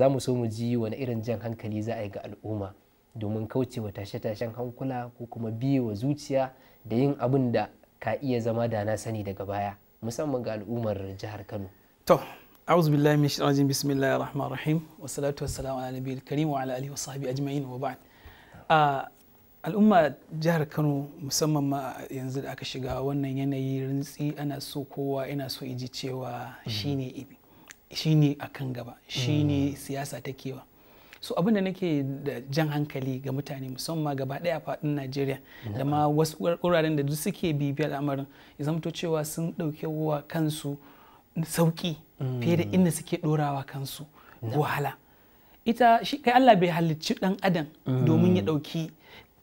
za mu so mu ji wani irin jan hankali za a yi ga al'umma domin kaucewa tashe-tashen hankula ko kuma biye wa zuciya da yin abin da ka iya zama da na sani daga baya musamman ga al'ummar jihar kano to karim wa ala alihi wa ajma'in wa ba'd a al'umma jihar kano musamman ma yanzu da aka shiga wannan yanayi rintsi ana so kowa ina so iji cewa mm-hmm. shine ibi shine a kan gaba shine hmm. siyasa ta kewa so abin da nake da jan hankali ga mutane musamman gaba daya faɗin najeriya da ma wasu wuraren da duk suke bibiyar al'amarin ya zamto cewa sun ɗauke wa kansu sauƙi hmm. fiye da inda suke ɗorawa kansu wahala ita shi kai allah bai halicci ɗan adam hmm. domin ya ɗauki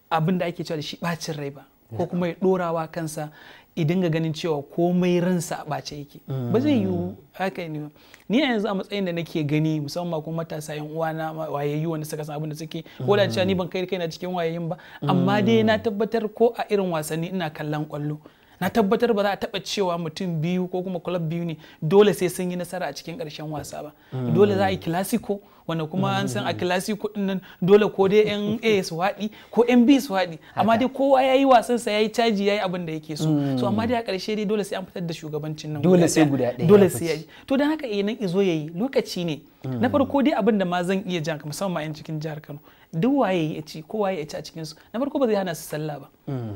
abin da ake cewa da shi ɓacin rai ba ko kuma ya dorawa kansa idan ga ganin cewa komai ransa a ɓace yake ba zai yiwu haka ne ni a yanzu a matsayin da nake gani musamman kuma matasa yan na wayayyu wanda suka san abin da suke ko da cewa ni ban kai kai na cikin wayayyun ba amma dai na tabbatar ko a irin wasanni ina kallon kwallo na tabbatar ba za a taba cewa mutum biyu ko kuma club biyu ne dole sai sun yi nasara a cikin karshen wasa ba mm. dole za a yi kilasiko. wanda kuma an san a mm. clasico din nan dole ko dai yan A su haɗi ko yan B su haɗi amma dai kowa yayi wasan sa yayi caji yayi abin da yake so so mm. amma dai a karshe dai dole sai an fitar da shugabancin nan dole sai guda ɗaya dole sai yayi to dan haka eh nan izo yayi lokaci ne na farko dai abin da ma zan iya jan musamman ma yan cikin jihar Kano duk waye ya ci ko waye ya ci a cikin su na farko ba zai hana su sallah ba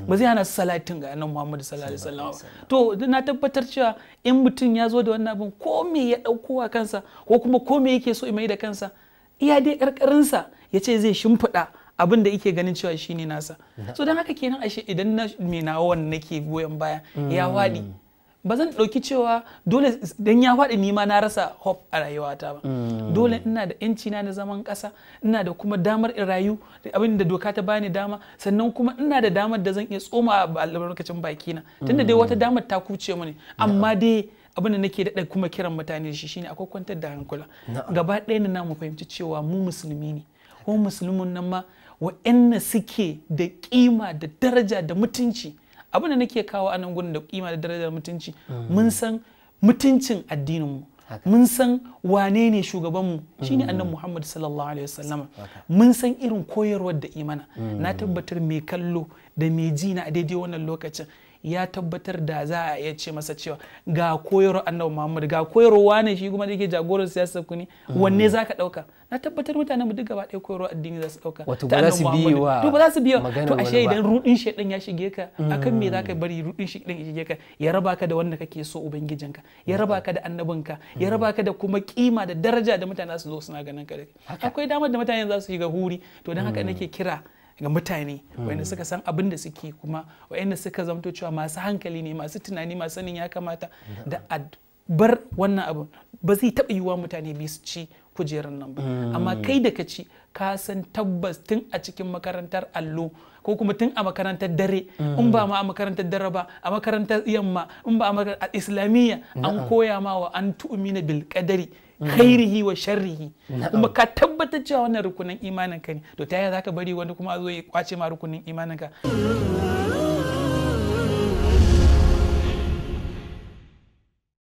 ba zai hana su salatin ga annabi Muhammad sallallahu alaihi wasallam to na tabbatar cewa in mutum ya zo da wannan abin ko me ya dauko a kansa ko kuma ko me yake so mai da kansa iya dai karkarin sa ce zai shimfiɗa abin da yake ganin cewa shine nasa so dan haka kenan ashe idan na me nawa wannan nake goyon baya ya wadi mm. ba zan ɗauki cewa dole don ya faɗi ni ma na rasa hope a rayuwata ba mm. dole ina da yanci na na zaman ƙasa ina da kuma damar in rayu abin da doka ta bani dama sannan kuma ina da damar da zan iya tsoma a albarkacin baki na tunda dai wata mm. damar ta kuce mani amma dai abin da nake daɗa kuma kiran mutane shi shine akwai kwantar da hankula gaba ɗaya na mu fahimci cewa mu musulmi ne ko musulmin nan ma wa'anna suke da kima da daraja da mutunci abin da nake kawo a nan gudun da kima da darajar mutunci mm. mun san mutuncin addininmu mun san wane ne shugabanmu shine mm. annan Muhammadu sallallahu alaihi wasallama mun san irin koyarwar da imana na mm. tabbatar mai kallo da mai ji na a daidai wannan lokacin ya tabbatar da za a iya ce masa cewa ga koyar annabi muhammad ga koyarwa ne shi kuma da yake jagoran siyasar ku ne wanne mm. za ka ɗauka na tabbatar mutanen mu duk gaba ɗaya koyarwa addini za su ɗauka wato ba za su biye wa to ba za su biye to ashe idan rudin shedan ya shige ka akan me za ka mm. bari rudin shedan ya shige ka ya raba ka da wanda kake so ubangijinka ya raba ka da annabinka ya raba ka da kuma kima da daraja da mutane za su zo suna ganin ka akwai damar da mutane za su shiga huri to don haka mm. nake kira ga mutane hmm. wanda suka san abin da suke kuma wanda suka zamto cewa masu hankali ne masu tunani masu sanin ya kamata da a bar wannan abin ba zai taɓa yiwuwa mutane biyu su ci kujerar nan ba hmm. amma kai da ka ci ka san tabbas tun a cikin makarantar allo ko kuma tun a makarantar dare hmm. in ba ma a makarantar dare ba a makarantar yamma in ba a makarantar islamiyya an koya ma wa an tu'mina bil qadari Mm. khairihi wa sharrihi kuma ka tabbatar cewa wannan rukunin imanin ka ne to ta yaya zaka bari wani kuma zo ya kwace ma rukunin imanin ka